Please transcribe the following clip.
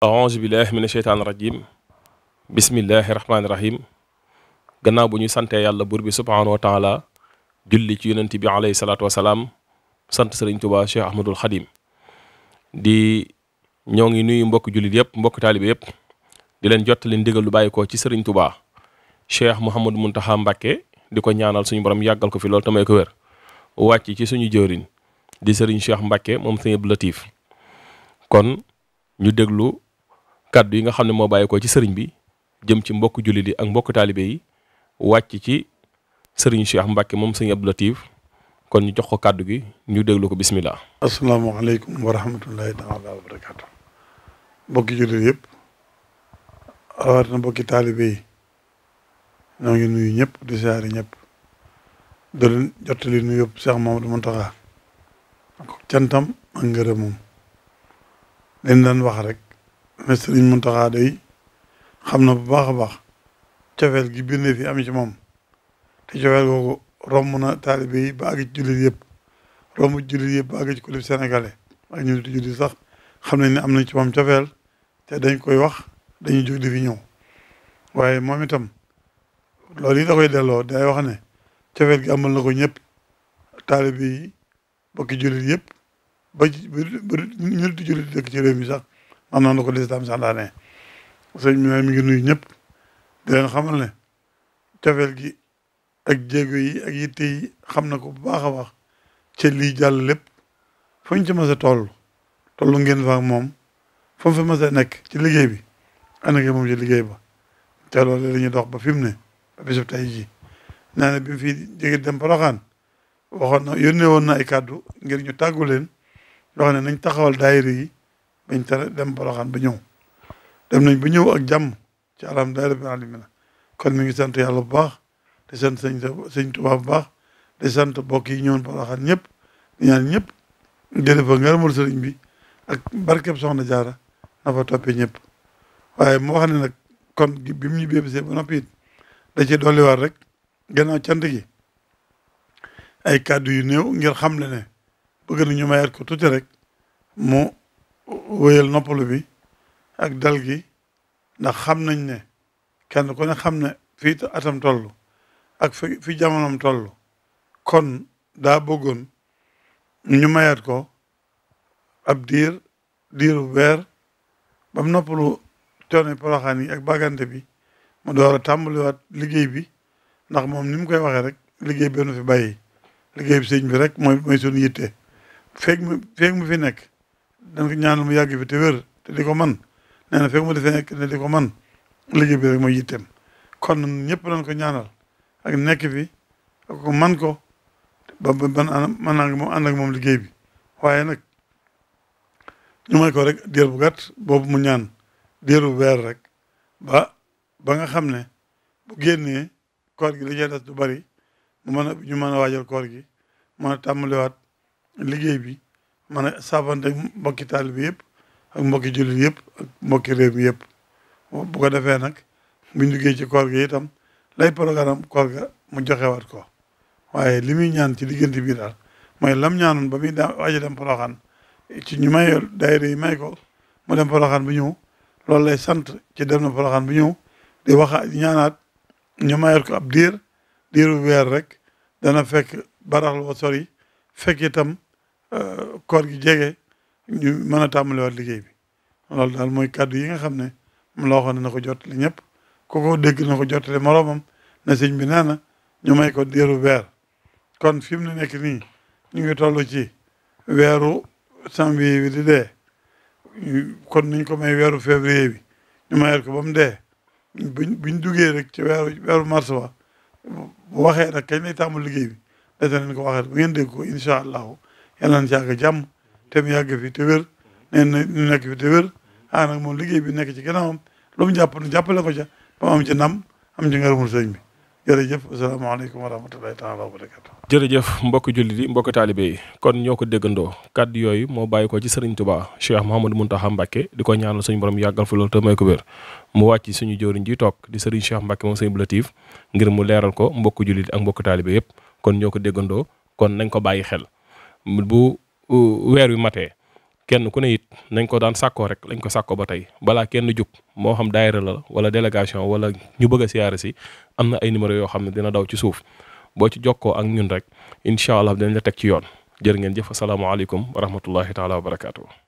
aouzu billahi minash sheytaani rajim Bismillahirrahmanirrahim. gannaaw buñu santé Yalla bur bi subhanahu wa taala julli ci yonenti bi alayhi wa salam sante Serigne Touba Cheikh Ahmadul Khadim di ñongi nuyu mbokk jullit yépp mbokk talib yépp di ndigal lu ko ci Serigne Touba Cheikh Mouhamadou Muntaha Mbacké diko ñaanal suñu borom yagal ko fi lol tamay ko wër. Wacc ci suñu jëwriñ di Serigne Cheikh mom kon ñu déglu kàddu yi nga xam ne moo bàyyi ko ci sëriñ bi jëm ci mbokk jullit yi ak mbokk taalibe yi wàcc ci sëriñ Cheikh Mbacke moom sëriñ Abdou Latif kon ñu jox ko kàddu gi ñu déglu ko bismillah asalaamaaleykum wa rahmatullahi taala wa barakaatu ak cantam ak leen daan wax rek سرين منطقة دي خمنا بباخ باخ تفعل جي بيرني في أمي جمام تفعل غو رمنا تالبي باقي جولي يب رم جولي يب باقي جولي بسانة غالي أجنو تجولي صح خمنا إن أمنا جمام تفعل تدين كوي وخ دين جوك دي فينيو وهي مامتم لولي دا غوي دلو دا يوخاني تفعل جي أمنا لغو نيب تالبي باقي جولي يب باقي جولي يب باقي جولي يب باقي جولي يب باقي جولي يب باقي جولي يب باقي جولي يب باقي جولي يب باقي جولي يب باقي جولي يب باقي am na ko lislaam santaane sëñ bi mi ngi nuyu ñëpp di xamal ne cofeel gi ak jéego yi ak yitte xam na ko bu baax a jàll lépp fu ñu ci mës a toll tollu ngeen fa moom fu mu fi nekk ci liggéey bi ànd ak moom ci liggéey ba te loolu la ñuy dox ba fi mu ne ba bisu tey ji naa ne bi mu fi jóge dem Poroxaan waxoon na yónnee woon na ay kàddu ngir ñu tàggu leen yoo ne nañ taxawal daayira yi bañ tere dem boroxaan ba ñëw dem nañ ba ñëw ak jàmm ci alhamdulilah rabbil alamina kon mi ngi sant yàlla bu baax di sant sëñ sëñ Tuubaa bu baax di sant bokk yi ñëwoon boroxaan ñëpp di ñaan ñëpp jële fa ngërëmal sëriñ bi ak barkeb soxna jaara na fa toppe ñëpp waaye moo xam ne nag kon bi mu ñu bébisee ba noppi it da ci dolli war rek gannaaw cant gi ay kàddu yu néew ngir xam le ne bëgg na ñu mayaat ko tuuti rek mu wéyal noppalu bi ak dal gi ndax xam nañ ne kenn ku ne xam ne fii atam toll ak fi fi jamonom toll kon daa bëggoon ñu mayaat ko ab diir diiru weer ba noppalu coono poroxaan yi ak bagante bi mu door a tàmbaliwaat liggéey bi ndax moom ni mu koy waxee rek liggéey benn fi bàyyi liggéey bi sëñ bi rek mooy mooy suñu yitte feeg feeg mu fi nekk dañ ko ñaanal mu yàgg bi te wér te di ko man nee na fekk mu defee ne di ko man liggéey bi rek mooy yitteem kon ñëpp dañ ko ñaanal ak nekk fi ak ko man ko ba ban man naa moom ànd ak moom liggéey bi waaye nag ñu may ko rek diir bu gàtt boobu mu ñaan diir bu weer rek ba ba nga xam ne bu génnee koor gi li des du bari mu mën a ñu mën a waajal koor gi mën a tàmbaliwaat liggéey bi mën a saafante mbokki talib yëpp ak mbokki julit yëpp ak mbokki réew mi yëpp bu ko defé nak buñ duggee ci koor gi itam lay programme koor ga mu wat ko waye li ñaan ci digënté bi dal moy lam ñaanoon ba mi da waji dem proxan ci ñu may daayira yi may ko mu dem proxan bu ñew lool lay sante ci dem na proxan bu ñew di waxa ñaanat ñu mayal ko ab diir diiru weer rek dana fekk baraxlu wa sori fekk itam euh, koor gi jege ñu mën a tàmbaliwaat liggéey bi loolu daal mooy kàddu yi nga xam ne moom la waxoon na ko jot ñëpp ku ko dégg na ko jottale moromam na sëñ bi nee na ñu may ko diiru weer kon fi mu ne nekk nii ñu ngi toll ci weeru janvier bi di dee kon nuñ ko may weeru février bi ñu mayal ko ba mu dee buñ buñ duggee rek ci weeru weeru mars wa bu waxee nag kañ lay tàmbali liggéey bi dese nañ ko waxee bu ngeen dégg ko incha allahu yàlla na jàmm te mu yàgg fi te wér nekk fi te wér ah nag moom liggéey bi nekk ci gannaawam lu mu jàpp nu jàppale ko ca ba am ci nam am ci ngërëmul sëñ bi jërëjëf asalaamaaleykum wa rahmatulahi taala wa jërëjëf mbokk julli yi mbokk taalibe kon ñoo ko déggandoo kàddu yooyu moo bàyyi ko ci sëriñ Tuubaa Cheikh Mouhamadou Mountakha Mbacké di ko ñaanu suñ borom yàggal fa loolu te may ko wér mu wàcc suñu jëwriñ ji toog di sëriñ Cheikh Mbacké moom sëriñ bu Latif ngir mu leeral ko mbokk jullit ak mbokk taalibe yëpp kon ñoo ko déggandoo kon nañ ko bàyyi xel bu weer wi matee kenn ku ne it nañ ko daan sàkkoo rek lañ ko sàkko ba tey balaa kenn jug moo xam daayira la wala délégation wala ñu bëgg a siyaare si am na ay numéro yoo xam ne dina daw ci suuf boo ci jokkoo ak ñun rek incha allah dinañ la teg ci yoon jërë ngeen jëf asalaamaaleykum wa rahmatullahi taala wa barakaatu.